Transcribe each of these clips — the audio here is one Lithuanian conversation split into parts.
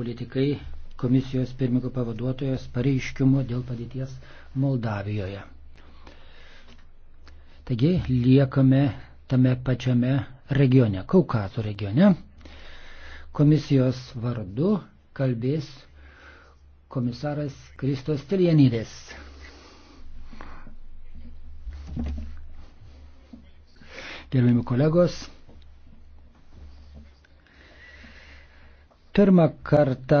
politikai komisijos pirmininko pavaduotojos pareiškimo dėl padėties Moldavijoje. Taigi liekame tame pačiame regione, Kaukazo regione. Komisijos vardu kalbės komisaras Kristos Tilienydės. Gerbiami kolegos, Pirmą kartą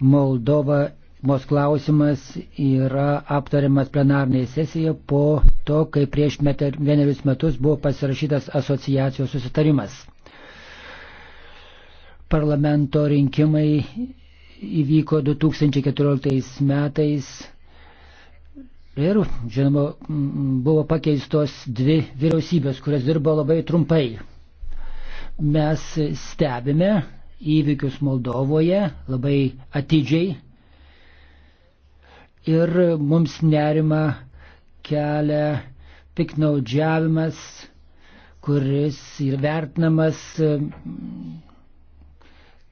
Moldova Mos klausimas yra aptariamas plenarnėje sesijoje po to, kai prieš vienerius metus buvo pasirašytas asociacijos susitarimas. Parlamento rinkimai įvyko 2014 metais ir, žinoma, buvo pakeistos dvi vyriausybės, kurios dirbo labai trumpai. Mes stebime įvykius Moldovoje labai atidžiai ir mums nerima kelia piknaudžiavimas, kuris ir vertinamas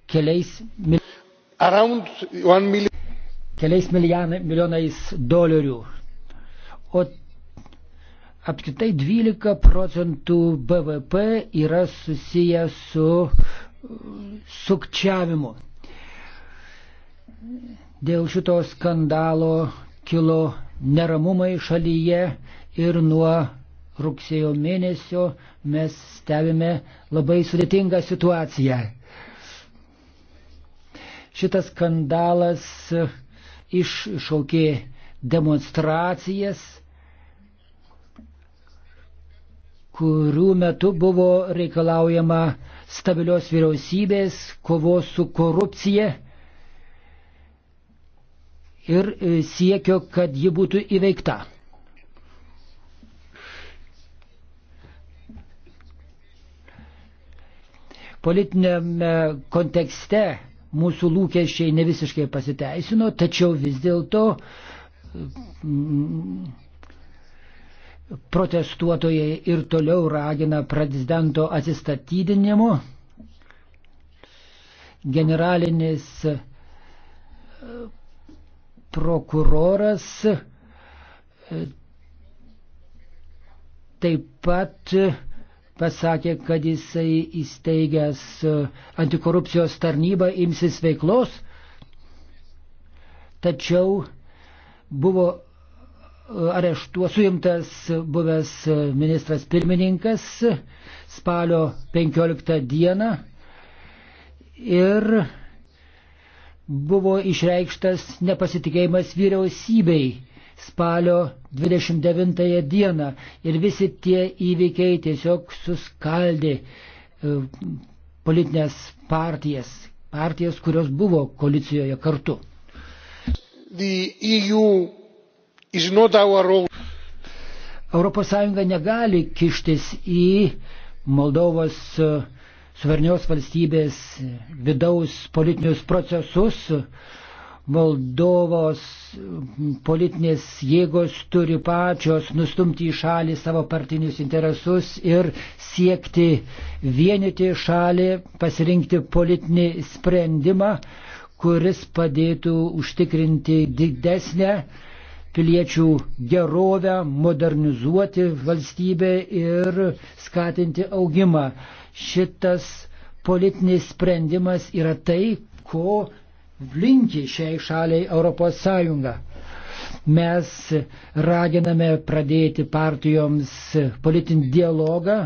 keliais, mil... million... keliais milijonai, milijonais dolerių. O apskritai 12 procentų BVP yra susiję su sukčiavimu. Dėl šito skandalo kilo neramumai šalyje ir nuo rugsėjo mėnesio mes stebime labai sudėtingą situaciją. Šitas skandalas iššaukė demonstracijas, kurių metu buvo reikalaujama stabilios vyriausybės, kovos su korupcija ir e, siekio, kad ji būtų įveikta. Politinėme kontekste mūsų lūkesčiai ne visiškai pasiteisino, tačiau vis dėlto mm, protestuotojai ir toliau ragina prezidento atsistatydinimu. Generalinis e, prokuroras e, taip pat e, pasakė, kad jisai įsteigęs antikorupcijos tarnybą imsis veiklos, tačiau buvo areštuo suimtas buvęs ministras pirmininkas spalio 15 dieną ir buvo išreikštas nepasitikėjimas vyriausybei spalio 29 dieną ir visi tie įvykiai tiesiog suskaldė e, politinės partijas, partijas, kurios buvo koalicijoje kartu. The EU Europos Sąjunga negali kištis į Moldovos e, suverenios valstybės e, vidaus politinius procesus. Moldovos politinės jėgos turi pačios nustumti į šalį savo partinius interesus ir siekti vienyti šalį, pasirinkti politinį sprendimą, kuris padėtų užtikrinti didesnę piliečių gerovę, modernizuoti valstybę ir skatinti augimą. Šitas politinis sprendimas yra tai, ko linki šiai šaliai Europos Sąjunga. Mes raginame pradėti partijoms politinį dialogą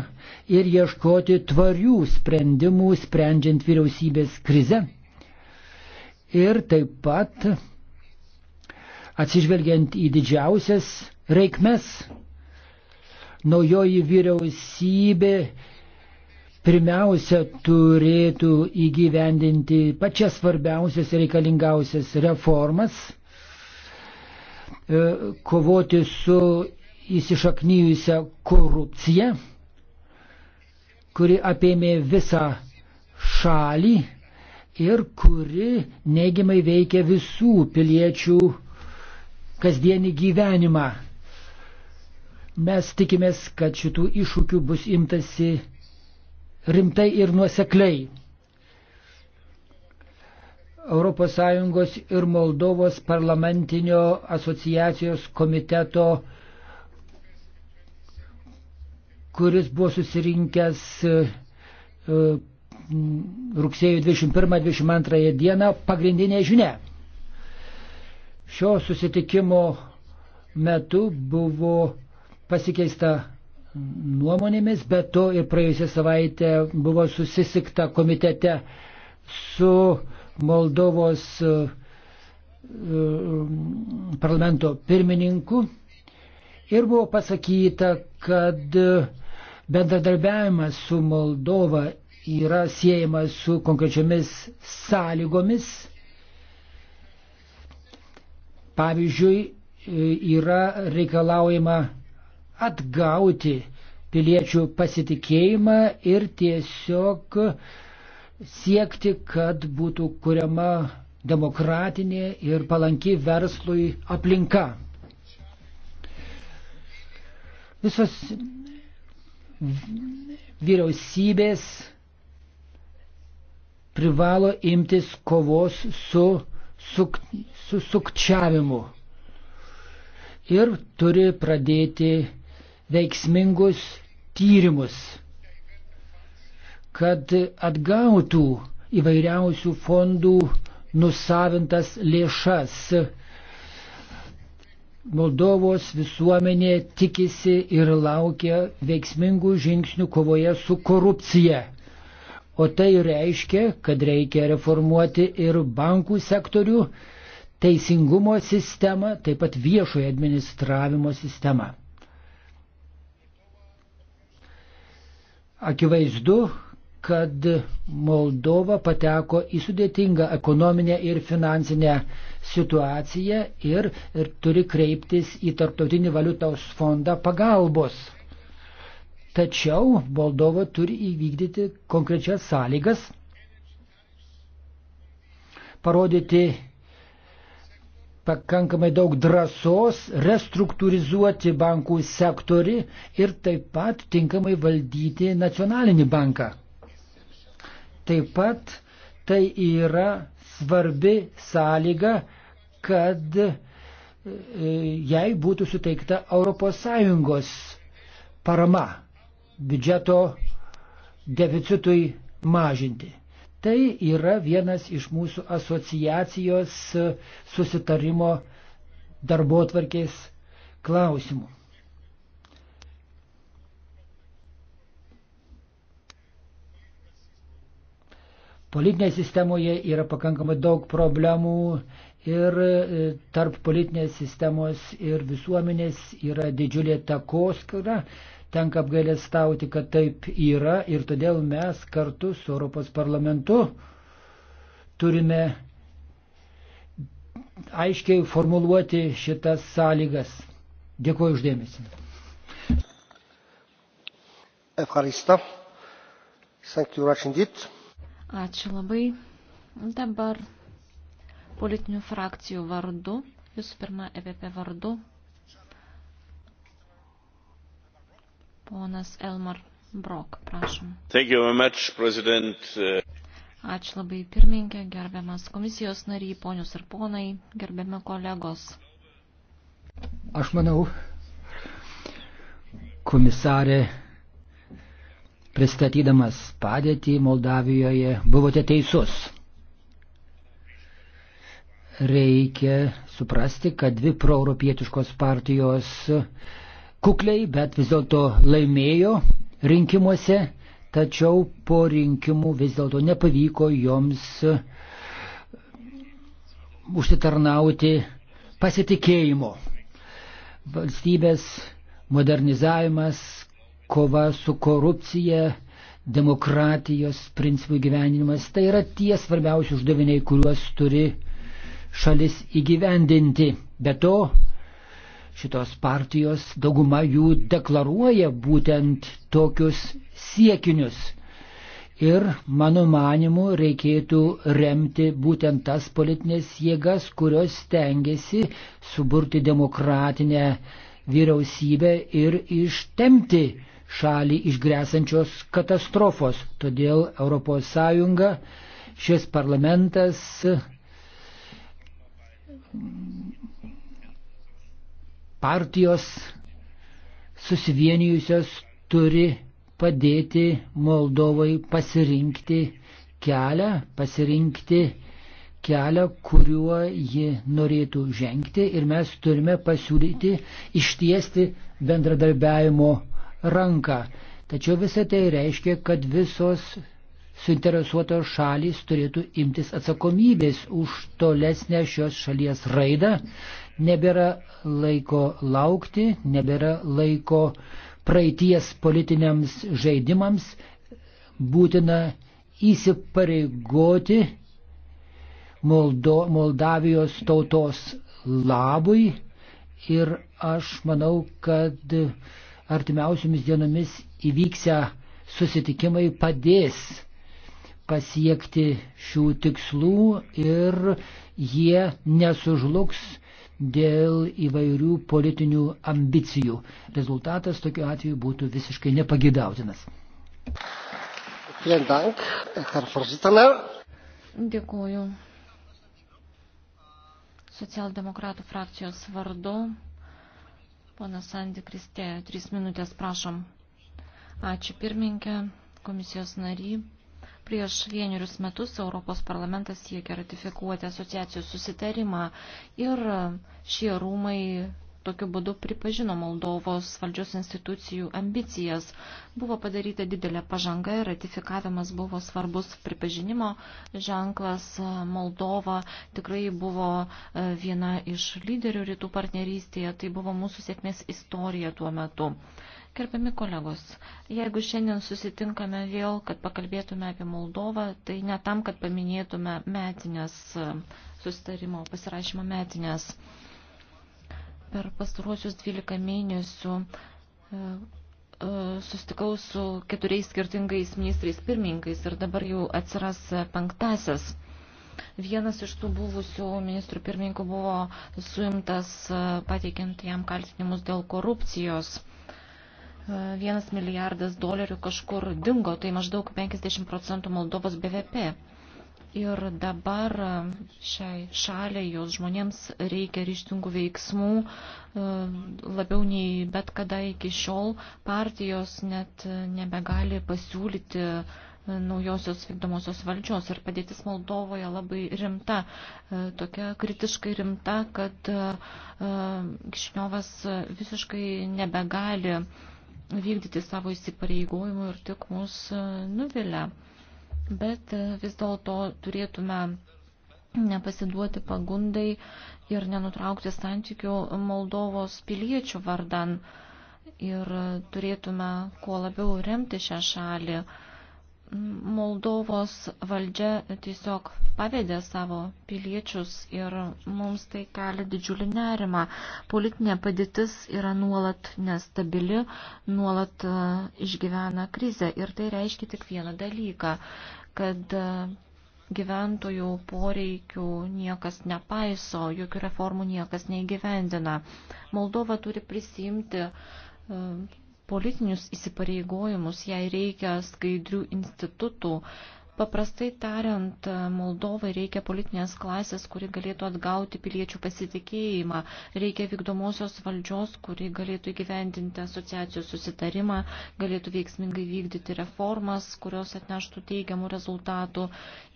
ir ieškoti tvarių sprendimų, sprendžiant vyriausybės krizę. Ir taip pat atsižvelgiant į didžiausias reikmes. Naujoji vyriausybė pirmiausia turėtų įgyvendinti pačias svarbiausias ir reikalingiausias reformas, e, kovoti su įsišaknyjusią korupciją, kuri apėmė visą šalį ir kuri neigiamai veikia visų piliečių kasdienį gyvenimą. Mes tikimės, kad šitų iššūkių bus imtasi rimtai ir nuosekliai. ES ir Moldovos parlamentinio asociacijos komiteto, kuris buvo susirinkęs e, rugsėjo 21-22 dieną, pagrindinė žinia. Šio susitikimo metu buvo pasikeista nuomonėmis, bet to ir praėjusią savaitę buvo susisikta komitete su Moldovos e, e, parlamento pirmininku ir buvo pasakyta, kad bendradarbiavimas su Moldova yra siejamas su konkrečiomis sąlygomis Pavyzdžiui, e, yra reikalaujama atgauti piliečių pasitikėjimą ir tiesiog siekti, kad būtų kuriama demokratinė ir palanki verslui aplinka. Visos vyriausybės privalo imtis kovos su suk, su sukčiavimu ir turi pradėti veiksmingus tyrimus, kad atgautų įvairiausių fondų nusavintas lėšas. Moldovos visuomenė tikisi ir laukia veiksmingų žingsnių kovoje su korupcija. O tai reiškia, kad reikia reformuoti ir bankų sektorių, teisingumo sistemą, taip pat viešojo administravimo sistemą. Akivaizdu, kad Moldova pateko į sudėtingą ekonominę ir finansinę situaciją ir, ir turi kreiptis į Tarptautinį valiutos fondą pagalbos. Tačiau Moldova turi įvykdyti konkrečias sąlygas, parodyti pakankamai daug drąsos restruktūrizuoti bankų sektorį ir taip pat tinkamai valdyti nacionalinį banką. Taip pat tai yra svarbi sąlyga, kad e, jai būtų suteikta ES parama biudžeto deficitui mažinti. Tai yra vienas iš mūsų asociacijos susitarimo darbotvarkės klausimų. Politinėje sistemoje yra pakankamai daug problemų ir e, tarp politinės sistemos ir visuomenės yra didžiulė takoskara, Tenka apgailestauti, kad taip yra ir todėl mes kartu su Europos parlamentu turime aiškiai formuluoti šitas sąlygas. Dėkuoju uždėmesi. Ačiū labai. Dabar politinių frakcijų vardu, visų pirma, EVP vardu, Ponas Elmar Brok, prašom. Thank you very much, President. Ačiū labai pirmininkė, gerbiamas komisijos nariai, ponius ir ponai, gerbiami kolegos. Aš manau, komisarė, pristatydamas padėtį Moldavijoje, buvote teisus. Reikia suprasti, kad dvi proeuropietiškos partijos kukliai, bet vis dėlto laimėjo rinkimuose, tačiau po rinkimų vis dėlto nepavyko joms e, užsitarnauti pasitikėjimo. Valstybės modernizavimas, kova su korupcija, demokratijos principų gyvenimas - tai yra tie svarbiausi uždaviniai, kuriuos turi šalis įgyvendinti. Be to, Šitos partijos dauguma jų deklaruoja būtent tokius siekinius. Ir mano manimu reikėtų remti būtent tas politinės jėgas, kurios stengiasi suburti demokratinę vyriausybę ir ištemti šalį iš grėsančios katastrofos. Todėl ES, šis parlamentas partijos susivienijusios turi padėti Moldovai pasirinkti kelią, pasirinkti kelią, kuriuo ji norėtų žengti ir mes turime pasiūlyti ištiesti bendradarbiavimo ranką. Tačiau visą tai reiškia, kad visos suinteresuotos šalys turėtų imtis atsakomybės už tolesnę šios šalies raidą Nebėra laiko laukti, nebėra laiko praeities politiniams žaidimams, būtina įsipareigoti Moldo, Moldavijos tautos labui ir aš manau, kad artimiausiomis dienomis įvyksę susitikimai padės pasiekti šių tikslų ir jie nesužlugs dėl įvairių politinių ambicijų. Rezultatas tokiu atveju būtų visiškai nepagidautinas. Dėkuoju. Socialdemokratų frakcijos vardu. Pana Sandi Kristė, trys minutės, prašom. Ačiū pirmininkė, komisijos nary. Prieš vienerius metus Europos parlamentas siekia ratifikuoti asociacijos susitarimą ir šie rūmai tokiu būdu pripažino Moldovos valdžios institucijų ambicijas. Buvo padaryta didelė pažanga ir ratifikavimas buvo svarbus pripažinimo ženklas. Moldova tikrai buvo e, viena iš lyderių rytų partnerystėje, tai buvo mūsų sėkmės istorija tuo metu. Gerbiami kolegos, jeigu šiandien susitinkame vėl, kad pakalbėtume apie Moldovą, tai ne tam, kad paminėtume metinės e, susitarimo pasirašymo metinės. Per pastaruosius 12 mėnesių e, e, sustikau su keturiais skirtingais ministrais pirmininkais ir dabar jau atsiras penktasis. Vienas iš tų buvusių ministrų pirmininkų buvo suimtas pateikiant jam kaltinimus dėl korupcijos vienas milijardas dolerių kažkur dingo, tai maždaug 50 procentų Moldovos BVP. Ir dabar e, šiai šaliai, jos žmonėms reikia ryštingų veiksmų, e, labiau nei bet kada iki šiol partijos net nebegali pasiūlyti e, naujosios vykdomosios valdžios ir padėtis Moldovoje labai rimta, tokia kritiškai rimta, kad Kišniovas visiškai nebegali vykdyti savo įsipareigojimų ir tik mus e, nuvilia. Bet e, vis dėlto turėtume nepasiduoti pagundai ir nenutraukti santykių Moldovos piliečių vardan. Ir e, turėtume kuo labiau remti šią šalį. Moldovos valdžia tiesiog pavedė savo piliečius ir mums tai kelia didžiulį nerimą. Politinė padėtis yra nuolat nestabili, nuolat e, išgyvena krizę ir tai reiškia tik vieną dalyką, kad e, gyventojų poreikių niekas nepaiso, jokių reformų niekas neįgyvendina. Moldova turi prisimti e, politinius įsipareigojimus, jai reikia skaidrių institutų, Paprastai tariant, Moldovai reikia politinės klasės, kuri galėtų atgauti piliečių pasitikėjimą, reikia vykdomosios valdžios, kuri galėtų įgyvendinti asociacijos susitarimą, galėtų veiksmingai vykdyti reformas, kurios atneštų teigiamų rezultatų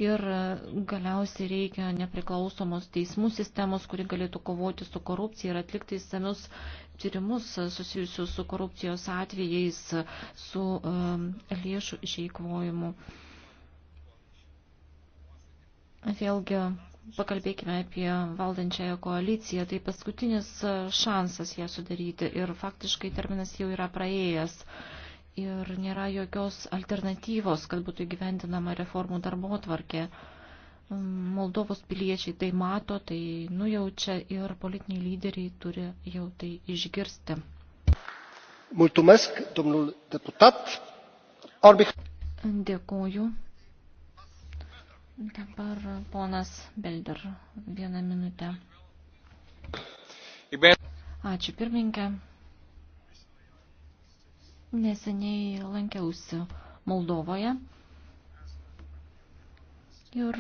ir galiausiai reikia nepriklausomos teismų sistemos, kuri galėtų kovoti su korupcija ir atlikti įsamius tyrimus susijusius su korupcijos atvejais, su um, lėšų išeikvojimu. Vėlgi, pakalbėkime apie valdančiąją koaliciją. Tai paskutinis e, šansas ją sudaryti ir faktiškai terminas jau yra praėjęs. Ir nėra jokios alternatyvos, kad būtų įgyvendinama reformų darbo tvarkė. Mm, Moldovos piliečiai tai mato, tai nujaučia ir politiniai lyderiai turi jau tai išgirsti. Mulțumesc, domnul deputat. Orbi... Dėkuoju. Dabar ponas Belder, vieną minutę. Ačiū pirmininkė. Neseniai lankiausi Moldovoje ir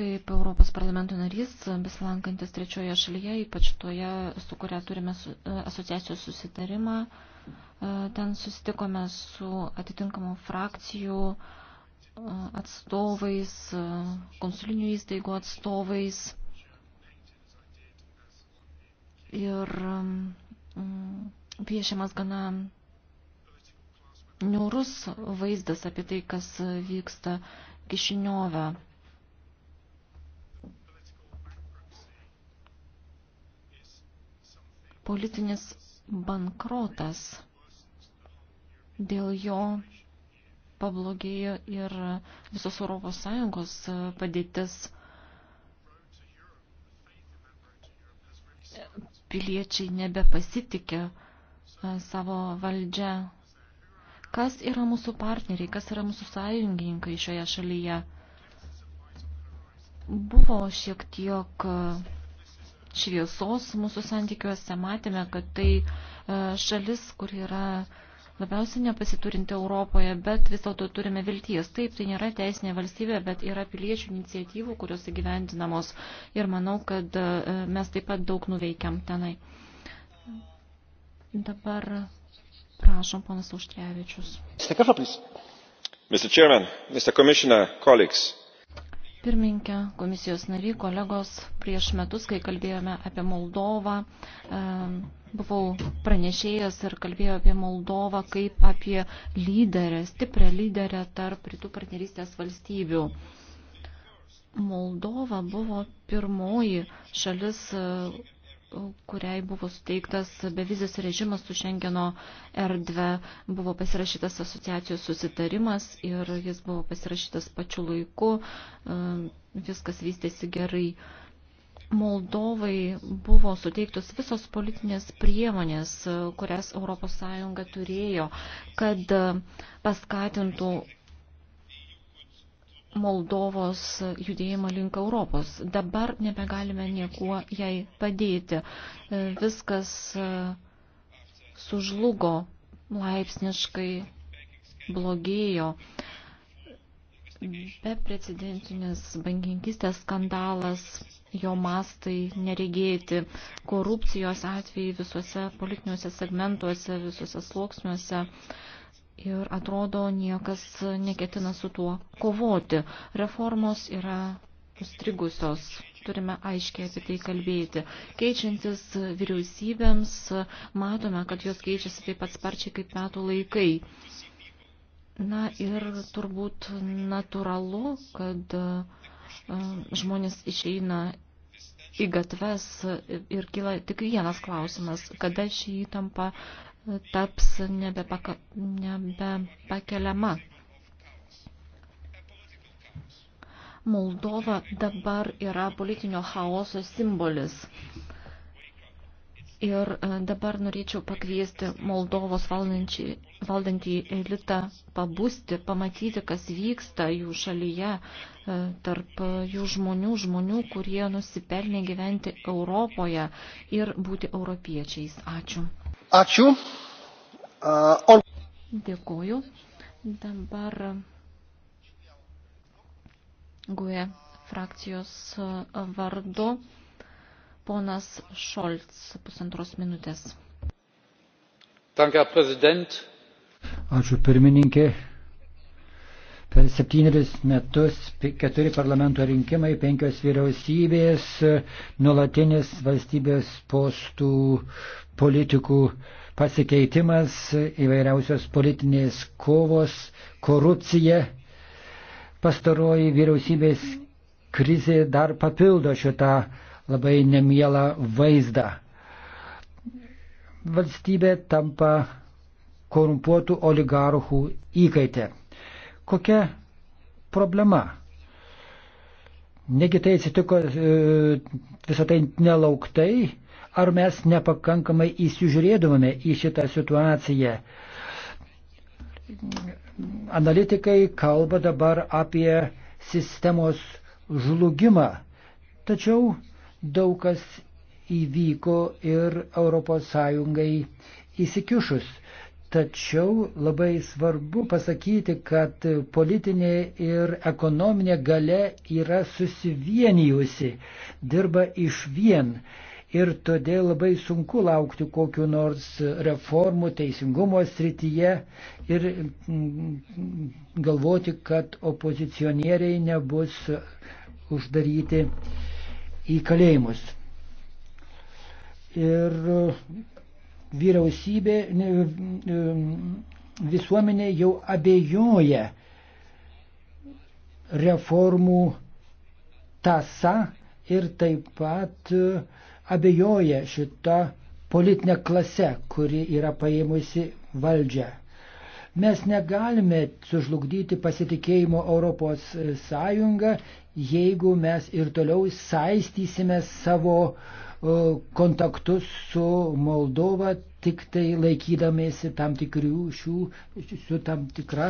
kaip Europos parlamento narys, besilankantis trečioje šalyje, ypač toje, su kuria turime asociacijos susitarimą, ten susitikome su atitinkamų frakcijų atstovais, konsulinių įstaigų atstovais. Ir mm, piešiamas gana niurus vaizdas apie tai, kas vyksta Kišiniove. Politinis bankrotas dėl jo pablogėjo ir visos Europos Sąjungos padėtis. Piliečiai nebepasitikė e, savo valdžią. Kas yra mūsų partneriai, kas yra mūsų sąjungininkai šioje šalyje? Buvo šiek tiek e, šviesos mūsų santykiuose, matėme, kad tai e, šalis, kur yra labiausiai nepasiturinti Europoje, bet vis dėlto turime vilties. Taip, tai nėra teisinė valstybė, bet yra piliečių iniciatyvų, kurios įgyvendinamos ir manau, kad e, mes taip pat daug nuveikiam tenai. Dabar prašom, ponas Auštrevičius. Mr. Chairman, Mr. Commissioner, colleagues. Pirminkė, komisijos nariai, kolegos, prieš metus, kai kalbėjome apie Moldovą, e, buvau pranešėjęs ir kalbėjau apie Moldovą kaip apie lyderę, stiprią lyderę tarp rytų partnerystės valstybių. Moldova buvo pirmoji šalis, e, kuriai buvo suteiktas bevizis režimas su Šengeno erdve, buvo pasirašytas asociacijos susitarimas ir jis buvo pasirašytas pačiu laiku, um, viskas vystėsi gerai. Moldovai buvo suteiktos visos politinės priemonės, kurias ES turėjo, kad paskatintų Moldovos judėjimą link Europos. Dabar nebegalime niekuo jai padėti. E, viskas e, sužlugo laipsniškai, blogėjo. Beprecedentinis bankininkistės skandalas, jo mastai neregėti, korupcijos atvejai visuose politiniuose segmentuose, visuose sluoksniuose. Uh, ir atrodo niekas neketina su tuo kovoti. Reformos yra strigusios, turime aiškiai apie tai kalbėti. Keičiantis vyriausybėms, matome, kad jos keičiasi taip pat sparčiai kaip metų laikai. Na ir turbūt natūralu, kad e, žmonės išeina į gatves ir kyla tik vienas klausimas, kada ši įtampa taps nebepaka, nebepakeliama. Moldova dabar yra politinio chaoso simbolis. Ir e, dabar norėčiau pakviesti Moldovos valdantį elitą pabusti, pamatyti, kas vyksta jų šalyje, e, tarp jų žmonių, žmonių, kurie nusipelnė gyventi Europoje ir būti europiečiais. Ačiū. Ačiū. Uh, on... Dėkuoju. Dabar GUE frakcijos vardu ponas Šolts pusantros minutės. Danke, Herr Präsident. Ačiū pirmininkė. Per septynerius metus keturi parlamento rinkimai, penkios vyriausybės, nulatinis valstybės postų politikų pasikeitimas, įvairiausios politinės kovos, korupcija. Pastaroji vyriausybės krizė dar papildo šitą labai nemielą vaizdą. Valstybė tampa korumpuotų oligarchų įkaitė. Kokia problema? Negi tai atsitiko e, visą tai nelauktai, ar mes nepakankamai įsižiūrėdavome į šitą situaciją? Analitikai kalba dabar apie sistemos žlugimą, tačiau daug kas įvyko ir ES įsikišus. Tačiau labai svarbu pasakyti, kad politinė ir ekonominė gale yra susivienijusi, dirba iš vien. Ir todėl labai sunku laukti kokiu nors reformų teisingumo srityje ir mm, galvoti, kad opozicionieriai nebus uždaryti į kalėjimus. Ir vyriausybė, visuomenė jau abejoja reformų tasa ir taip pat abejoja šita politinė klase, kuri yra paėmusi valdžią. Mes negalime sužlugdyti pasitikėjimo Europos Sąjunga, jeigu mes ir toliau saistysime savo uh, kontaktus su Moldova, tik tai laikydamėsi tam tikrių šių, su tam tikra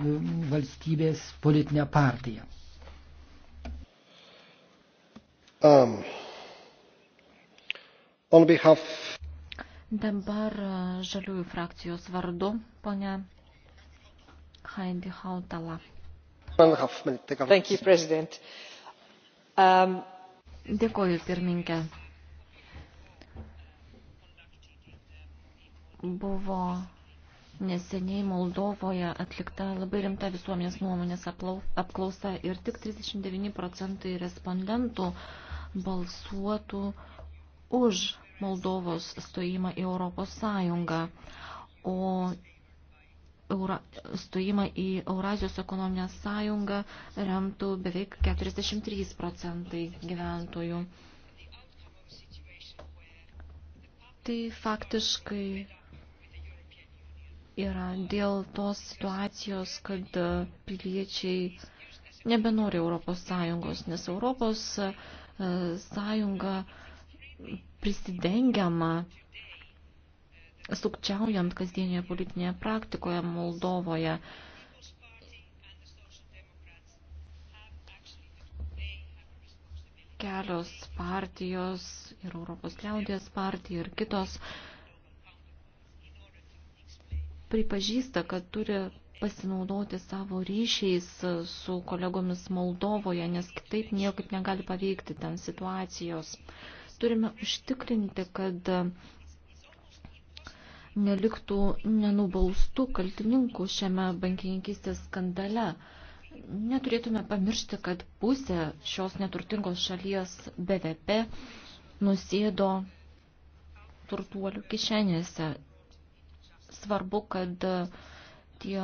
um, valstybės politinė partija. Um, on behalf... Dabar uh, žaliųjų frakcijos vardu, ponia Heidi Hautala. Thank you, President. Um, Dėkoju, pirmininkė. buvo neseniai Moldovoje atlikta labai rimta visuomenės nuomonės apklausa ir tik 39 procentai respondentų balsuotų už Moldovos stojimą į Europos Sąjungą, o Eura, stojimą į Eurazijos ekonominę sąjungą remtų beveik 43 procentai gyventojų. Tai faktiškai yra dėl tos situacijos, kad piliečiai nebenori Europos Sąjungos, nes Europos e, Sąjunga prisidengiama sukčiaujant kasdienėje politinėje praktikoje Moldovoje. Kelios partijos ir Europos liaudės partija ir kitos uh, pripažįsta, kad turi pasinaudoti savo ryšiais su kolegomis Moldovoje, nes kitaip niekaip negali paveikti ten situacijos. Turime užtikrinti, kad neliktų nenubaustų kaltininkų šiame bankininkystės skandale. Neturėtume pamiršti, kad pusė šios neturtingos šalies BVP nusėdo turtuolių kišenėse. Svarbu, kad e, tie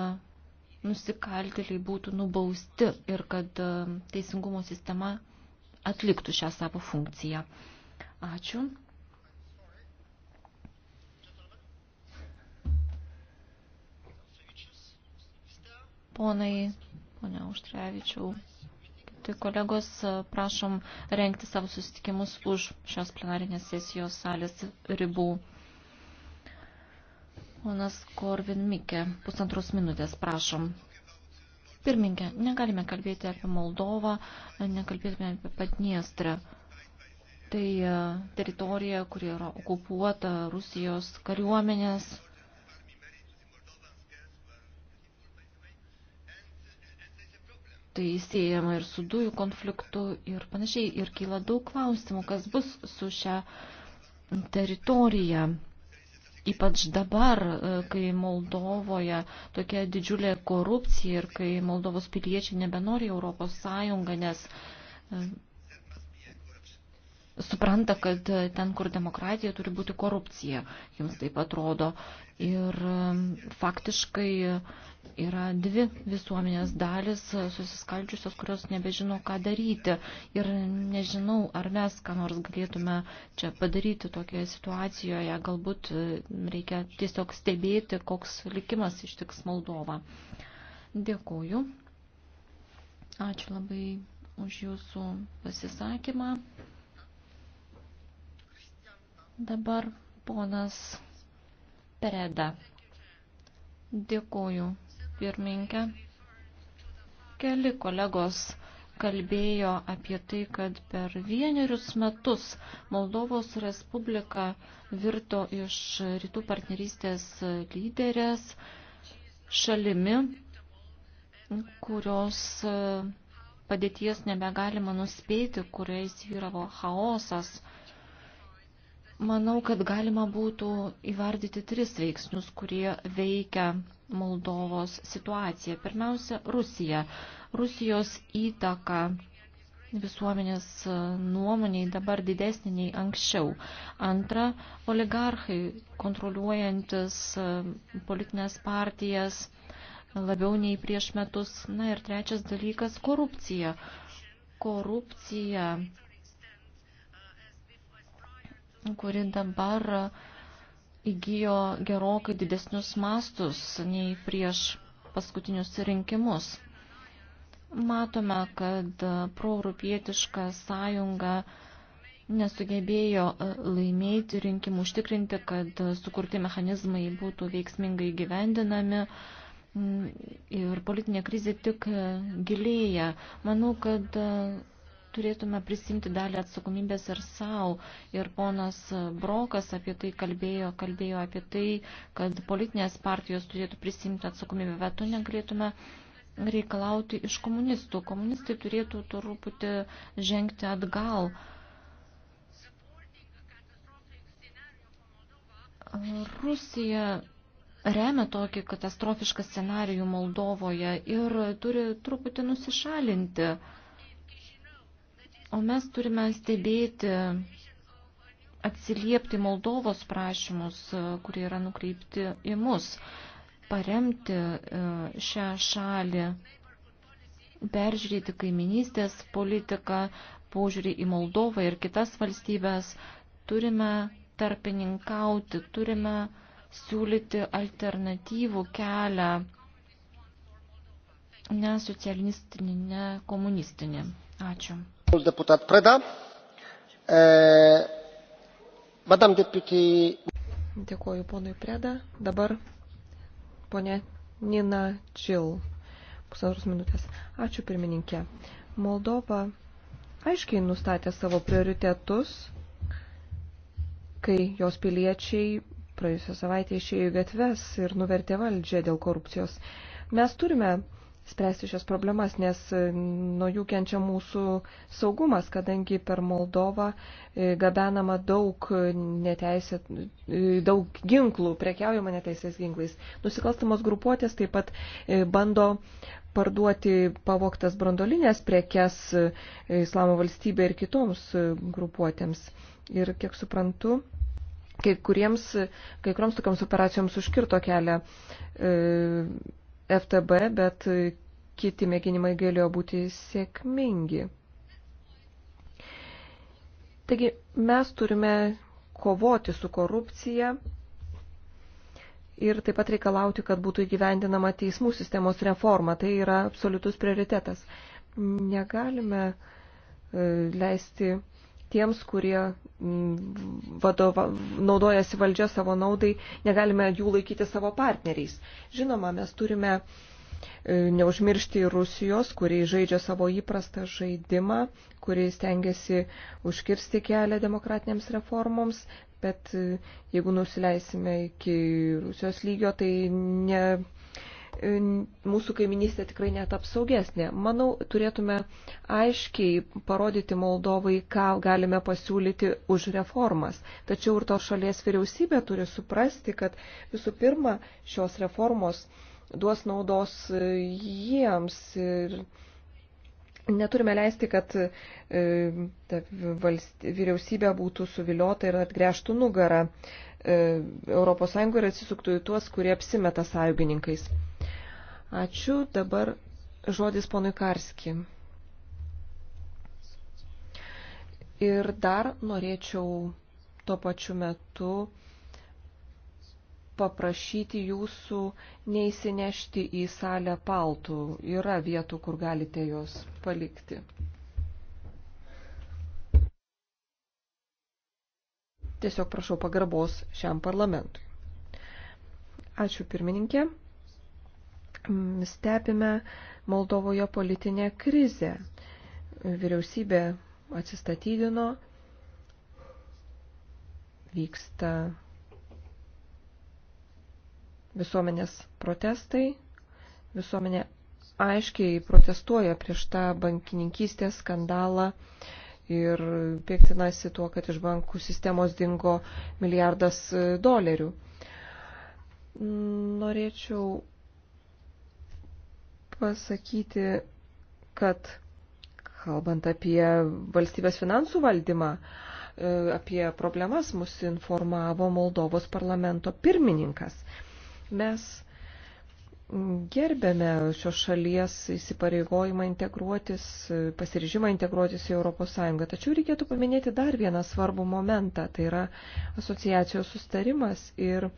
nusikaltėliai būtų nubausti ir kad e, teisingumo sistema atliktų šią savo funkciją. Ačiū. Ponai, ponia Užtrevičiau, kiti kolegos, e, prašom renkti savo susitikimus už šios plenarinės sesijos salės ribų. Ponas Korvin Mikė, pusantros minutės, prašom. Pirminkė, negalime kalbėti apie Moldovą, nekalbėtume apie Padniestrę. Tai e, teritorija, kuri yra okupuota Rusijos kariuomenės. Tai siejama ir su dujų konfliktu ir panašiai. Ir kyla daug klausimų, kas bus su šia teritorija. Ypač dabar, e, kai Moldovoje tokia didžiulė korupcija ir kai Moldovos piliečiai nebenori Europos Sąjungą, nes e, supranta, kad e, ten, kur demokratija, turi būti korupcija. Jums taip atrodo. Ir faktiškai Yra dvi visuomenės dalis susiskaldžiusios, kurios nebežino, ką daryti. Ir nežinau, ar mes ką nors galėtume čia padaryti tokioje situacijoje. Galbūt mm, reikia tiesiog stebėti, koks likimas ištiks Moldovą. Dėkuoju. Ačiū labai už jūsų pasisakymą. Dabar ponas Pereda. Dėkuoju pirmininkė. Keli kolegos kalbėjo apie tai, kad per vienerius metus Moldovos Respublika virto iš rytų partnerystės lyderės šalimi, kurios e, padėties nebegalima nuspėti, kuriais vyravo chaosas. Manau, kad galima būtų įvardyti tris veiksnius, kurie veikia Moldovos situaciją. Pirmiausia, Rusija. Rusijos įtaka visuomenės nuomoniai dabar didesnė nei anksčiau. Antra, oligarchai kontroliuojantis politinės partijas labiau nei prieš metus. Na ir trečias dalykas - korupcija. Korupcija kuri dabar įgyjo gerokai didesnius mastus nei prieš paskutinius rinkimus. Matome, kad proeuropietiška sąjunga nesugebėjo e, laimėti rinkimų, užtikrinti, kad sukurti mechanizmai būtų veiksmingai gyvendinami mm, ir politinė krizė tik gilėja. Manau, kad e, turėtume prisimti dalį atsakomybės ir savo. Ir ponas Brokas apie tai kalbėjo, kalbėjo apie tai, kad politinės partijos turėtų prisimti atsakomybę, bet to negalėtume reikalauti iš komunistų. Komunistai turėtų truputį žengti atgal. Rusija remia tokį katastrofišką scenarijų Moldovoje ir turi truputį nusišalinti. O mes turime stebėti, atsiliepti Moldovos prašymus, kurie yra nukreipti į mus, paremti e, šią šalį, peržiūrėti kaiminystės politiką, požiūrį į Moldovą ir kitas valstybės. Turime tarpininkauti, turime siūlyti alternatyvų kelią, ne socialistinį, ne komunistinį. Ačiū. E, Dėkuoju ponui Preda. Dabar ponė Nina Čil. Pusantros minutės. Ačiū pirmininkė. Moldova aiškiai nustatė savo prioritetus, kai jos piliečiai praėjusią savaitę išėjo į gatves ir nuvertė valdžią dėl korupcijos. Mes turime spręsti šios problemas, nes e, nuo jų kenčia mūsų saugumas, kadangi per Moldovą e, gabenama daug, neteisė, e, daug ginklų, prekiaujama neteisės ginklais. Nusikalstamos grupuotės taip pat bando parduoti pavoktas brandolinės prekes Islamo valstybė ir kitoms grupuotėms. Ir kiek suprantu, kai kuriems, kai kurioms tokiams operacijoms užkirto kelią. E, FTB, bet kiti mėginimai galėjo būti sėkmingi. Taigi mes turime kovoti su korupcija ir taip pat reikalauti, kad būtų įgyvendinama teismų sistemos reforma. Tai yra absoliutus prioritetas. Negalime e, leisti tiems, kurie mm, vadova, naudojasi valdžia savo naudai, negalime jų laikyti savo partneriais. Žinoma, mes turime e, neužmiršti Rusijos, kuri žaidžia savo įprastą žaidimą, kuri stengiasi užkirsti kelią demokratinėms reformoms, bet e, jeigu nusileisime iki Rusijos lygio, tai ne mūsų kaiminystė tikrai net apsaugesnė. Manau, turėtume aiškiai parodyti Moldovai, ką galime pasiūlyti už reformas. Tačiau ir to šalies vyriausybė turi suprasti, kad visų pirma šios reformos duos naudos e, jiems. Ir neturime leisti, kad e, ta vyriausybė būtų suviliota ir atgręžtų nugarą ES ir atsisuktų į tuos, kurie apsimeta sąjungininkais. Ačiū. Dabar žodis ponui Karski. Ir dar norėčiau tuo pačiu metu paprašyti jūsų neįsinešti į salę paltų. Yra vietų, kur galite jos palikti. Tiesiog prašau pagarbos šiam parlamentui. Ačiū pirmininkė. Mm, stebime Moldovoje politinę krizę. Vyriausybė atsistatydino, vyksta visuomenės protestai, visuomenė aiškiai protestuoja prieš tą bankininkystės skandalą ir piktinasi tuo, kad iš bankų sistemos dingo milijardas dolerių. Norėčiau pasakyti, kad kalbant apie valstybės finansų valdymą, e, apie problemas mus informavo Moldovos parlamento pirmininkas. Mes gerbėme šios šalies įsipareigojimą integruotis, e, pasiryžimą integruotis į ES. Tačiau reikėtų paminėti dar vieną svarbų momentą, tai yra asociacijos sustarimas ir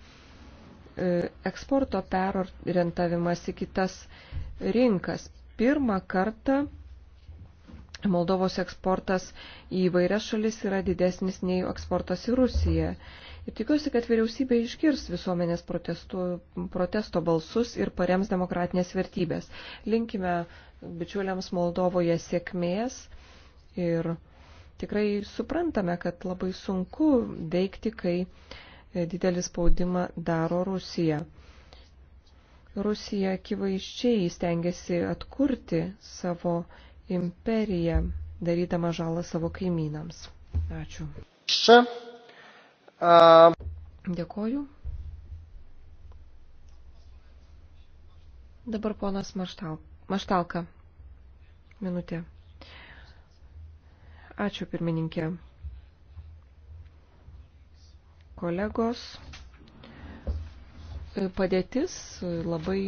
E, eksporto perorientavimas į kitas rinkas. Pirmą kartą Moldovos eksportas į vairias šalis yra didesnis nei eksportas į Rusiją. Ir tikiuosi, kad vyriausybė išgirs visuomenės protesto, protesto balsus ir parems demokratinės vertybės. Linkime bičiuliams Moldovoje sėkmės ir tikrai suprantame, kad labai sunku veikti, kai didelį spaudimą daro Rusija. Rusija akivaizdžiai stengiasi atkurti savo imperiją, darydama žalą savo kaimynams. Ačiū. Ša. A... Dėkoju. Dabar ponas Maštal... Maštalka. Minutė. Ačiū pirmininkė kolegos, padėtis labai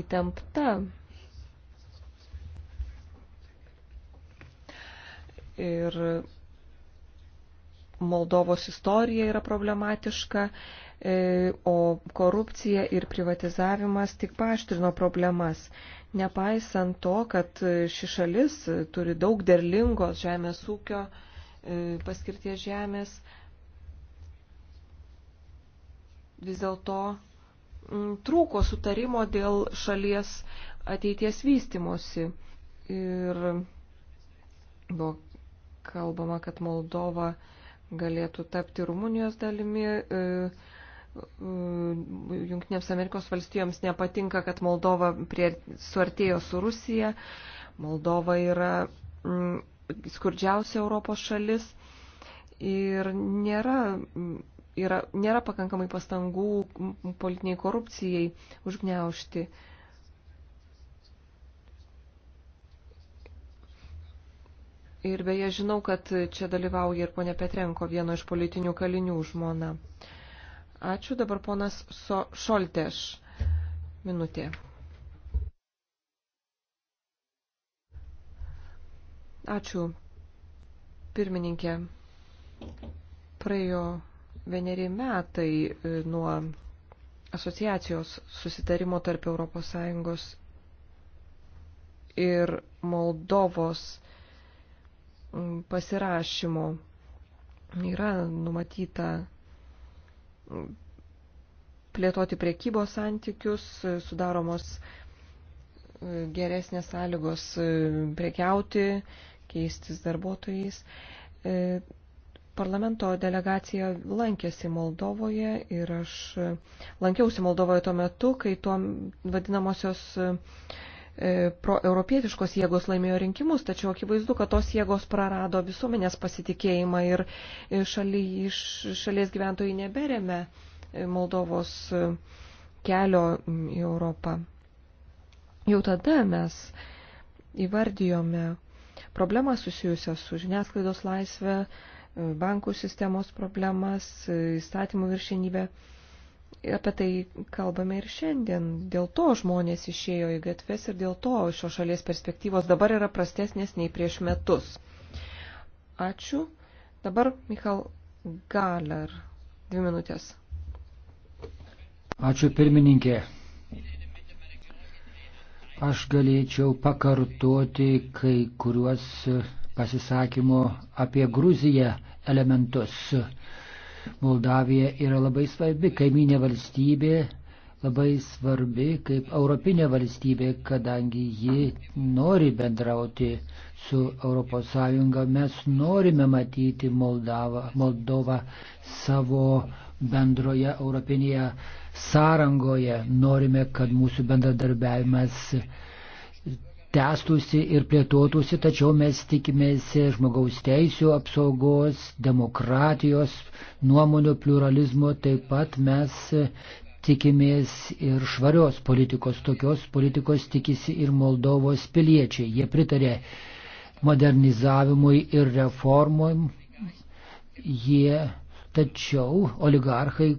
įtempta. Ir Moldovos istorija yra problematiška, o korupcija ir privatizavimas tik paaštrino problemas. Nepaisant to, kad ši šalis turi daug derlingos žemės ūkio e, paskirties žemės, vis dėlto mm, trūko sutarimo dėl šalies ateities vystimosi. Ir buvo kalbama, kad Moldova galėtų tapti Rumunijos dalimi. E, e, Junktinėms Amerikos valstijoms nepatinka, kad Moldova prie, suartėjo su Rusija. Moldova yra mm, skurdžiausia Europos šalis ir nėra mm, yra, nėra pakankamai pastangų politiniai korupcijai užgneušti. Ir beje, žinau, kad čia dalyvauja ir ponia Petrenko, vieno iš politinių kalinių žmona. Ačiū dabar ponas so Šolteš. Minutė. Ačiū, pirmininkė. Praėjo vieneri metai e, nuo asociacijos susitarimo tarp ES ir Moldovos pasirašymo yra numatyta plėtoti priekybos santykius, e, sudaromos e, geresnės sąlygos prekiauti, keistis darbuotojais. Parlamento delegacija lankėsi Moldovoje ir aš lankiausi Moldovoje tuo metu, kai tuo vadinamosios e, proeuropietiškos jėgos laimėjo rinkimus, tačiau akivaizdu, kad tos jėgos prarado visuomenės pasitikėjimą ir e, šaly, iš šalies gyventojai neberėme Moldovos e, kelio į Europą. Jau tada mes įvardijome problemą susijusią su žiniasklaidos laisvė, bankų sistemos problemas, įstatymų viršenybę. Apie tai kalbame ir šiandien. Dėl to žmonės išėjo į gatves ir dėl to šios šalies perspektyvos dabar yra prastesnės nei prieš metus. Ačiū. Dabar Michal Galer. Dvi minutės. Ačiū pirmininkė. Aš galėčiau pakartoti kai kuriuos pasisakymo apie Gruziją elementus. Moldavija yra labai svarbi kaiminė valstybė, labai svarbi kaip europinė valstybė, kadangi ji nori bendrauti su ES. Mes norime matyti Moldavą, Moldovą savo bendroje europinėje sąrangoje. Norime, kad mūsų bendradarbiavimas tęstųsi ir plėtotųsi, tačiau mes tikimės žmogaus teisų apsaugos, demokratijos, nuomonių pluralizmo, taip pat mes tikimės ir švarios politikos. Tokios politikos tikisi ir Moldovos piliečiai. Jie pritarė modernizavimui ir reformom. Jie tačiau oligarchai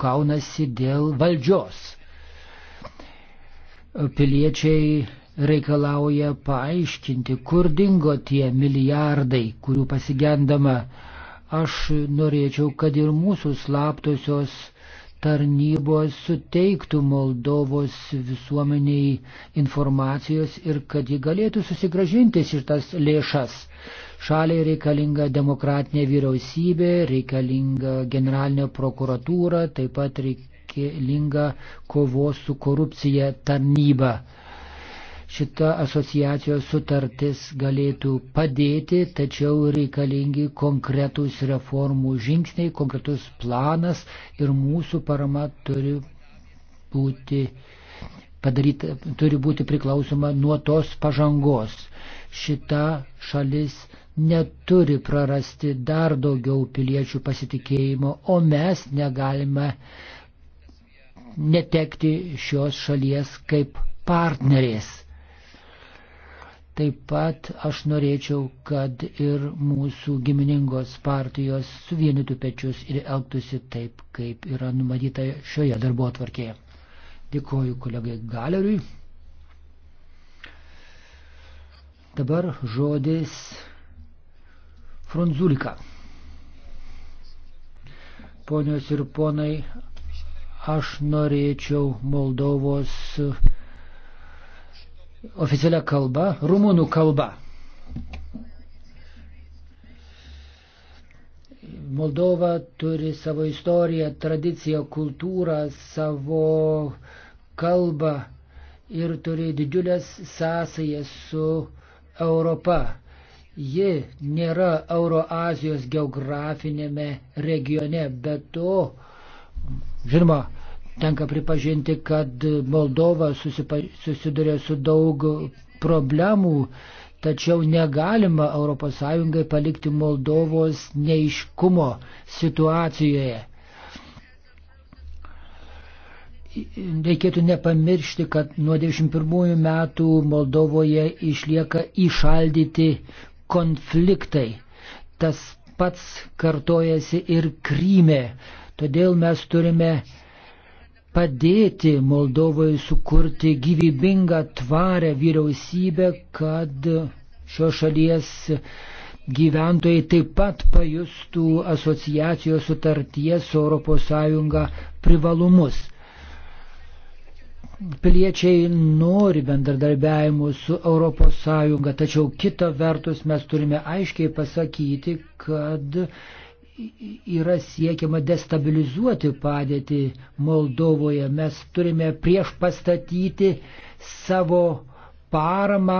kaunasi dėl valdžios. Piliečiai reikalauja paaiškinti, kur dingo tie milijardai, kurių pasigendama. Aš norėčiau, kad ir mūsų slaptosios tarnybos suteiktų Moldovos visuomeniai informacijos ir kad ji galėtų susigražinti šitas lėšas. Šaliai reikalinga demokratinė vyriausybė, reikalinga generalinė prokuratūra, taip pat reikalinga kovos su korupcija tarnyba. Šita asociacijos sutartis galėtų padėti, tačiau reikalingi konkretūs reformų žingsniai, konkretus planas ir mūsų parama turi būti, padaryta, turi būti priklausoma nuo tos pažangos. Šita šalis neturi prarasti dar daugiau piliečių pasitikėjimo, o mes negalime netekti šios šalies kaip partnerės. Taip pat aš norėčiau, kad ir mūsų giminingos partijos suvienytų pečius ir elgtųsi taip, kaip yra numatyta šioje darbo atvarkėje. Dėkoju kolegai Galeriui. Dabar žodis Fronzulika. Ponios ir ponai, aš norėčiau Moldovos oficialia kalba, rumunų kalba. Moldova turi savo istoriją, tradiciją, kultūrą, savo kalbą ir turi didžiulės sąsajas su Europa. Ji nėra Euroazijos geografinėme regione, bet to, žinoma, Tenka pripažinti, kad Moldova susipa, susiduria su daug problemų, tačiau negalima ES palikti Moldovos neiškumo situacijoje. Reikėtų nepamiršti, kad nuo 91 metų Moldovoje išlieka įšaldyti konfliktai. Tas pats kartojasi ir Kryme. Todėl mes turime padėti Moldovai sukurti gyvybingą, tvarę vyriausybę, kad šios šalies gyventojai taip pat pajustų asociacijos sutarties su ES privalumus. Piliečiai nori bendradarbiavimų su ES, tačiau kita vertus mes turime aiškiai pasakyti, kad yra siekiama destabilizuoti padėtį Moldovoje. Mes turime prieš pastatyti savo paramą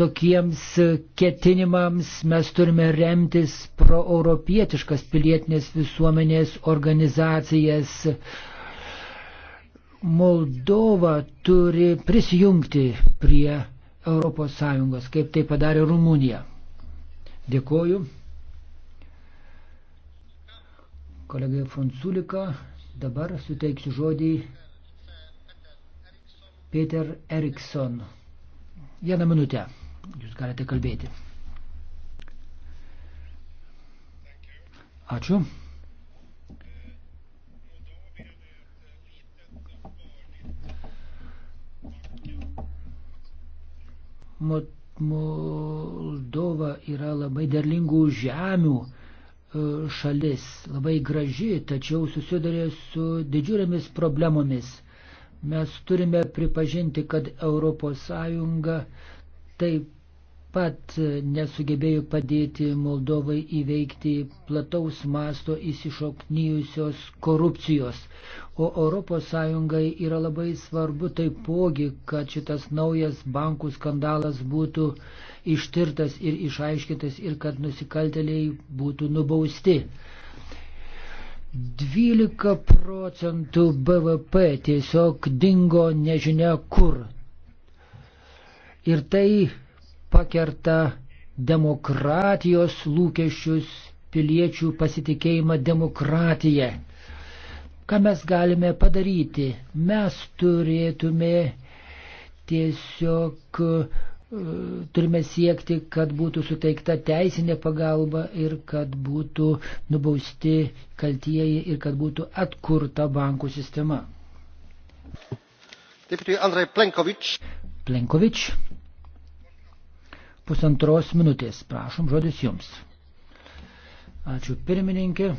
tokiems ketinimams, mes turime remtis proeuropietiškas pilietinės visuomenės organizacijas. Moldova turi prisijungti prie ES, kaip tai padarė Rumunija. Dėkuoju. kolegai Fonsulika. Dabar suteiksiu žodį Peter Erikson. Vieną minutę. Jūs galite kalbėti. Ačiū. Moldova yra labai derlingų žemių E, šalis, labai graži, tačiau susiduria su didžiulėmis problemomis. Mes turime pripažinti, kad ES taip pat nesugebėjo padėti Moldovai įveikti plataus masto įsišoknyjusios korupcijos. O ES yra labai svarbu taipogi, kad šitas naujas bankų skandalas būtų ištirtas ir išaiškintas ir kad nusikalteliai būtų nubausti. 12 procentų BVP tiesiog dingo nežinia kur. Ir tai pakerta demokratijos lūkesčius, piliečių pasitikėjimą demokratiją. Ką mes galime padaryti? Mes turėtume tiesiog e, turime siekti, kad būtų suteikta teisinė pagalba ir kad būtų nubausti kaltieji ir kad būtų atkurta bankų sistema. Deputy Andrei Plenkovič. Plenkovič pusantros minutės. Prašom, žodis jums. Ačiū pirmininkė.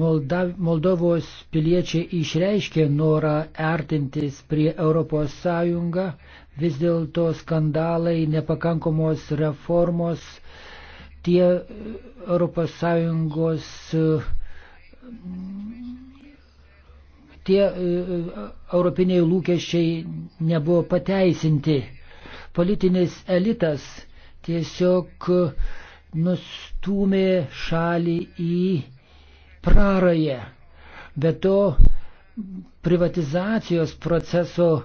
Moldav, Moldovos piliečiai išreiškė norą artintis prie ES, vis dėlto skandalai, nepakankamos reformos, tie ES tie e, e, europiniai lūkesčiai nebuvo pateisinti. Politinis elitas tiesiog nustūmė šalį į prarąją. Be to, privatizacijos proceso e,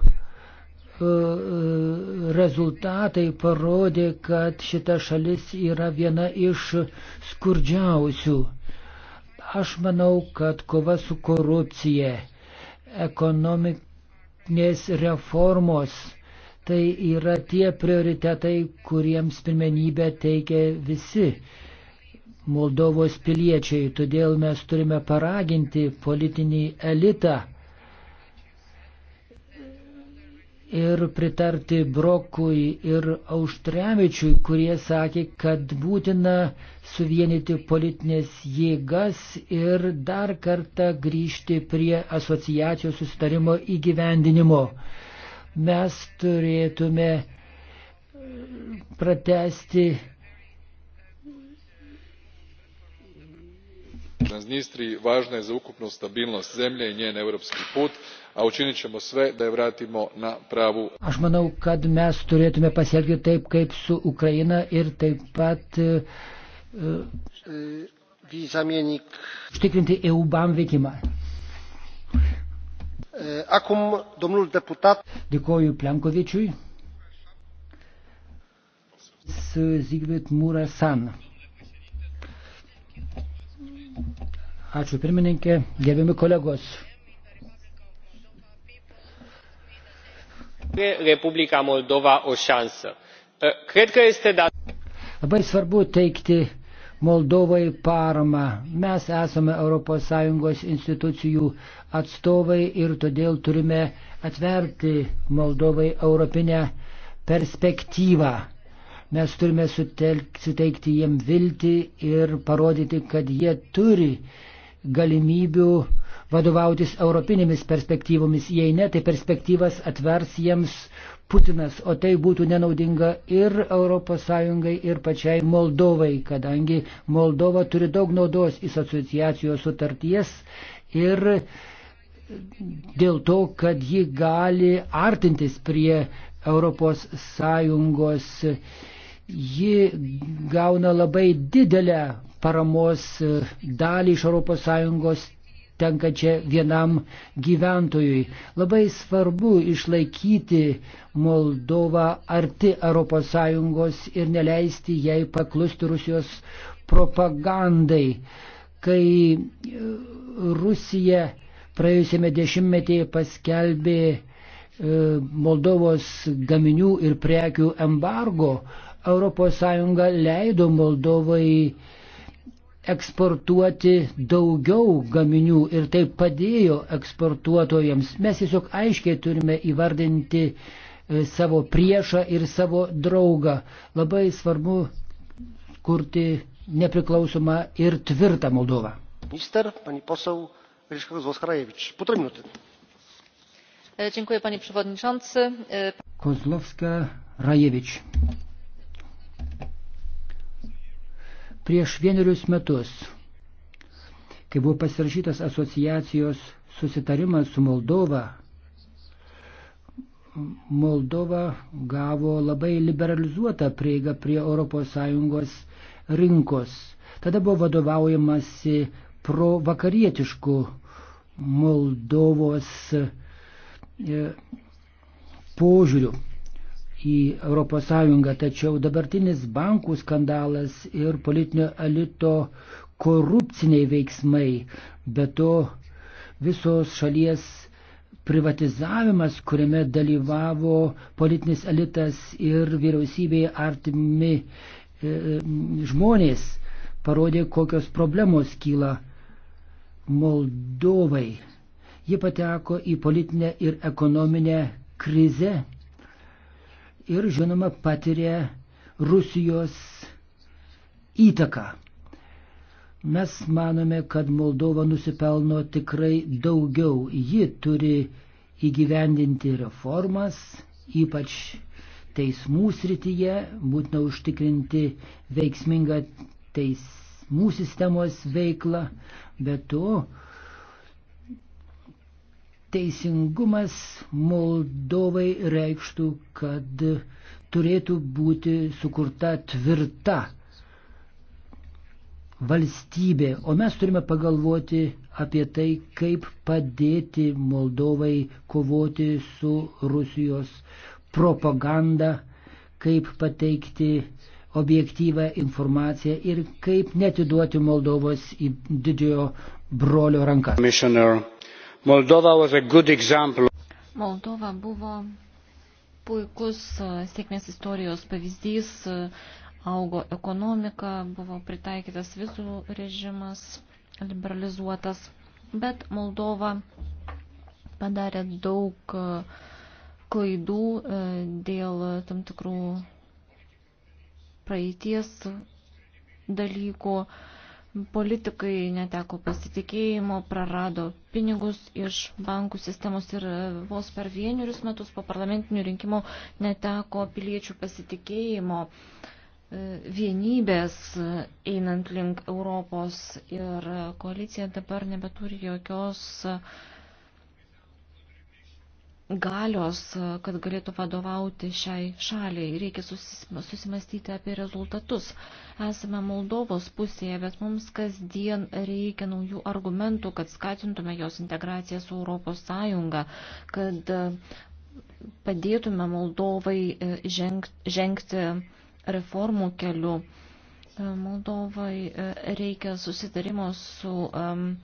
rezultatai parodė, kad šita šalis yra viena iš skurdžiausių. Aš manau, kad kova su korupcija ekonominės reformos. Tai yra tie prioritetai, kuriems pirmenybę teikia visi Moldovos piliečiai. Todėl mes turime paraginti politinį elitą ir pritarti Brokui ir Auštrevičiui, kurie sakė, kad būtina suvienyti politinės jėgas ir dar kartą grįžti prie asociacijos sustarimo įgyvendinimo. Mes turėtume e, pratesti. Transnistriji važna je za ukupnu stabilnost zemlje i njen europski put a učinit ćemo sve da je vratimo na pravu. Aš manau, kad mes turėtume pasielgti taip, kaip su Ukraina ir taip pat e, e, užtikrinti e uh, EUBAM veikimą. Acum, domnul deputat. Dėkoju Plenkovičiui. Zygvit Murasan. Ačiū pirmininkė, gerbiami kolegos. republica moldova o šansą. Cred că este dator. Labai svarbu teikti Moldovai paramą. Mes esame ES institucijų atstovai ir todėl turime atverti Moldovai europinę perspektyvą. Mes turime suteikti jiem viltį ir parodyti, kad jie turi galimybių vadovautis europinėmis perspektyvomis. Jei ne, tai perspektyvas atvers jiems Putinas, o tai būtų nenaudinga ir ES, ir pačiai Moldovai, kadangi Moldova turi daug naudos iš asociacijos sutarties ir dėl to, kad ji gali artintis prie ES, ji gauna labai didelę paramos dalį iš ES tenkančią vienam gyventojui. Labai svarbu išlaikyti Moldovą arti ES ir neleisti jai paklusti Rusijos propagandai. Kai e, Rusija praėjusiame dešimtmetyje paskelbė e, Moldovos gaminių ir prekių embargo, ES leido Moldovai eksportuoti daugiau gaminių ir tai padėjo eksportuotojams. Mes tiesiog aiškiai turime įvardinti e, savo priešą ir savo draugą. Labai svarbu kurti nepriklausomą ir tvirtą Moldovą. Minister, pani poseł Półtorej minuty. E, dziękuję panie przewodniczący. E, Kozlowska Rajewicz. Prieš vienerius metus, kai buvo pasirašytas asociacijos susitarimas su Moldova, Moldova gavo labai liberalizuotą prieigą prie ES rinkos. Tada buvo vadovaujamasi pro vakarietiškų Moldovos e, požiūrių į ES. Tačiau dabartinis bankų skandalas ir politinio elito korupciniai veiksmai, be to visos šalies privatizavimas, kuriame dalyvavo politinis elitas ir vyriausybėje artimi e, žmonės, parodė, kokios problemos kyla Moldovai. Ji pateko į politinę ir ekonominę krizę ir, žinoma, patiria Rusijos įtaką. Mes manome, kad Moldova nusipelno tikrai daugiau. Ji turi įgyvendinti reformas, ypač teismų srityje, būtina užtikrinti veiksmingą teismų sistemos veiklą, bet to teisingumas Moldovai reikštų, kad turėtų būti sukurta tvirta valstybė, o mes turime pagalvoti apie tai, kaip padėti Moldovai kovoti su Rusijos propaganda, kaip pateikti objektyvą informaciją ir kaip netiduoti Moldovos į didžiojo brolio rankas. Missioner. Moldova, Moldova buvo puikus sėkmės istorijos pavyzdys, augo ekonomika, buvo pritaikytas vizų režimas, liberalizuotas, bet Moldova padarė daug klaidų dėl tam tikrų praeities dalykų. Politikai neteko pasitikėjimo, prarado pinigus iš bankų sistemos ir e, vos per vienerius metus po parlamentinių rinkimų neteko piliečių pasitikėjimo e, vienybės e, einant link Europos ir koalicija dabar nebeturi jokios uh, galios, kad galėtų vadovauti šiai šaliai. Reikia susimastyti apie rezultatus. Esame Moldovos pusėje, bet mums kasdien reikia naujų argumentų, kad skatintume jos integraciją su Europos Sąjunga, kad padėtume Moldovai e, žengti reformų keliu. Moldovai e, reikia susitarimo su um,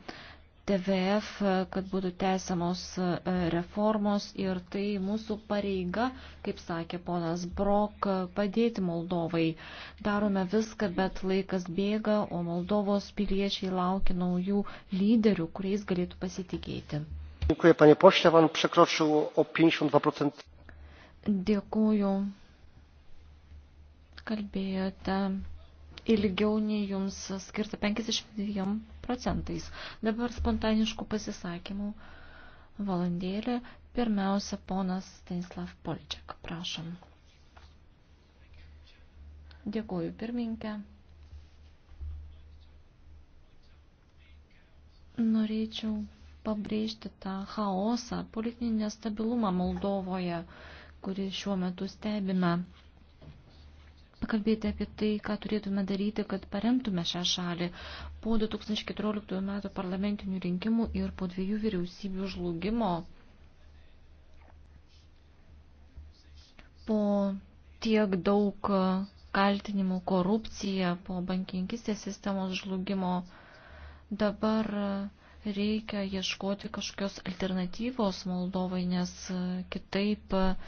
TVF, kad būtų tęsiamos e, reformos ir tai mūsų pareiga, kaip sakė ponas Brok, padėti Moldovai. Darome viską, bet laikas bėga, o Moldovos piliečiai laukia naujų lyderių, kuriais galėtų pasitikėti. Dėkuoju, panie pošlė, man prekročiau o 52%. Dėkuoju. Kalbėjote ilgiau nei jums skirta 52 procentais. Dabar spontaniškų pasisakymų valandėlė. Pirmiausia, ponas Stanislav Polčiak. Prašom. Dėkuoju pirminkę. Norėčiau pabrėžti tą chaosą, politinį nestabilumą Moldovoje, kurį šiuo metu stebime kalbėti apie tai, ką turėtume daryti, kad paremtume šią šalį po 2014 metų parlamentinių rinkimų ir po dviejų vyriausybių žlugimo. Po tiek daug kaltinimų korupcija, po bankininkistės sistemos žlugimo dabar reikia ieškoti kažkokios alternatyvos Moldovai, nes kitaip uh,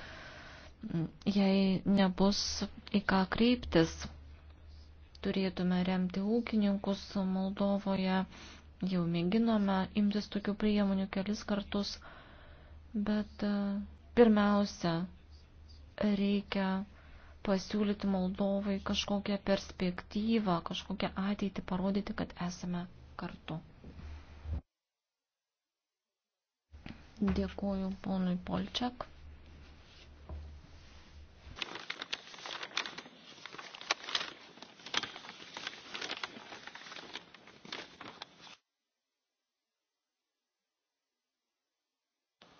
jei nebus į ką kreiptis. Turėtume remti ūkininkus Moldovoje, jau mėginome imtis tokių priemonių kelis kartus, bet e, pirmiausia, reikia pasiūlyti Moldovai kažkokią perspektyvą, kažkokią ateitį, parodyti, kad esame kartu. Dėkuoju ponui Polčiak.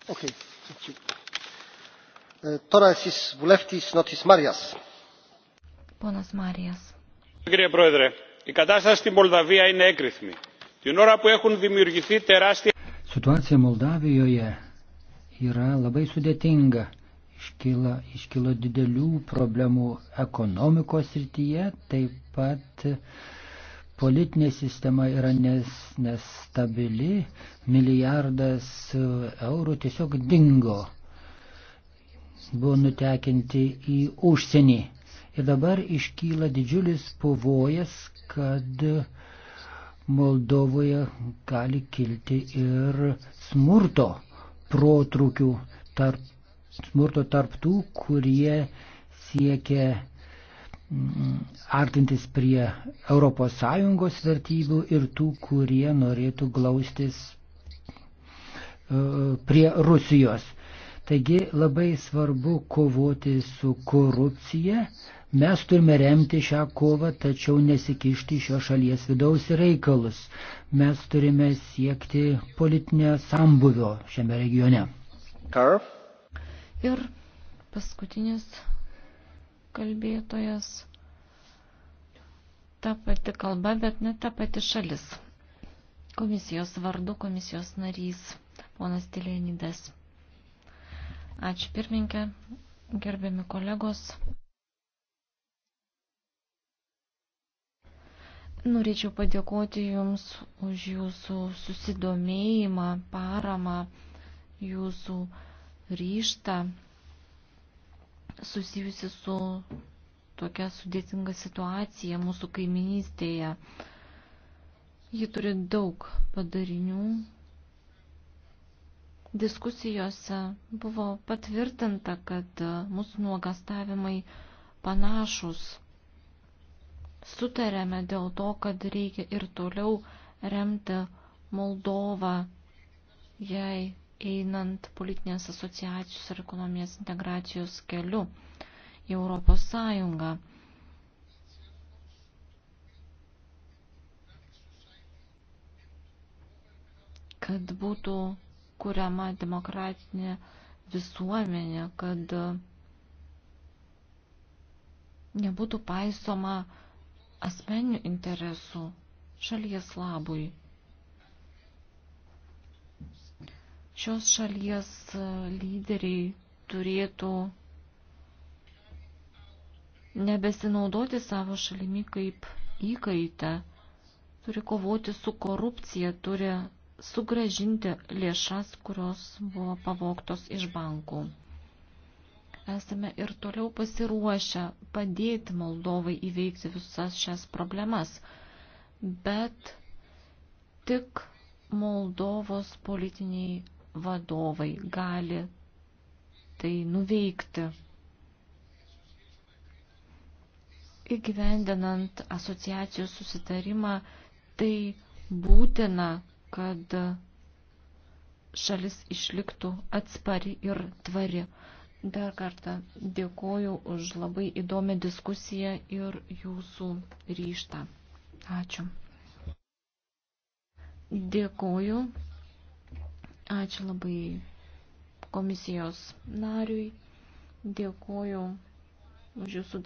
Okay, thank you. Uh, Torasis Vuleftis Notis Marijas. Ponas Marijas. Κύριε Πρόεδρε, η κατάσταση στη Μολδαβία είναι έκρηθμη. Την ώρα που έχουν δημιουργηθεί τεράστια... Situacija Moldavijoje yra labai sudėtinga. Iškilo, iškilo didelių problemų ekonomikos srityje, taip pat uh, politinė sistema yra nes, nestabili, milijardas eurų tiesiog dingo, buvo nutekinti į užsienį. Ir dabar iškyla didžiulis pavojas, kad Moldovoje gali kilti ir smurto protrukių, tarp, smurto tarptų, kurie siekia artintis prie ES vertybių ir tų, kurie norėtų glaustis e, prie Rusijos. Taigi labai svarbu kovoti su korupcija. Mes turime remti šią kovą, tačiau nesikišti šio šalies vidaus reikalus. Mes turime siekti politinę sambuvio šiame regione. Karf. Ir paskutinis kalbėtojas. Ta pati kalba, bet ne ta pati šalis. Komisijos vardu komisijos narys, ponas Tilėnidas. Ačiū pirminkė, gerbiami kolegos. Norėčiau padėkoti Jums už Jūsų susidomėjimą, paramą, Jūsų ryštą susijusi su tokia sudėtinga situacija mūsų kaiminystėje. Ji turi daug padarinių. Diskusijose buvo patvirtinta, kad mūsų nuogastavimai panašus. Sutarėme dėl to, kad reikia ir toliau remti Moldovą, jai einant politinės asociacijos ir ekonominės integracijos keliu į Europos Sąjungą. kad būtų kuriama demokratinė visuomenė, kad nebūtų paisoma asmeninių interesų šalies labui. Šios šalies e, lyderiai turėtų nebesinaudoti savo šalimi kaip įkaitę, turi kovoti su korupcija, turi sugražinti lėšas, kurios buvo pavoktos iš bankų. Esame ir toliau pasiruošę padėti Moldovai įveikti visas šias problemas, bet tik Moldovos politiniai vadovai gali tai nuveikti. Įgyvendinant asociacijos susitarimą, tai būtina, kad šalis išliktų atspari ir tvari. Dar kartą dėkoju už labai įdomią diskusiją ir jūsų ryštą. Ačiū. Dėkoju. Ačiū labai komisijos nariui. Dėkuoju už jūsų